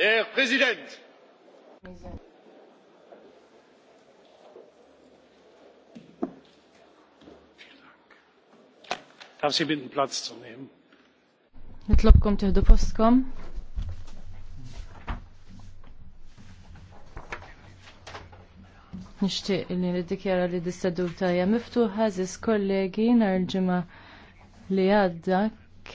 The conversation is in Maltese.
Der Präsident! Darf Sie bitten, Platz zu nehmen? Nitlobkom tieħdu postkom. Nishtiq li niddikjara li dis-seduta hija miftuħa, żis kollegi nhar ġimgħa li għadda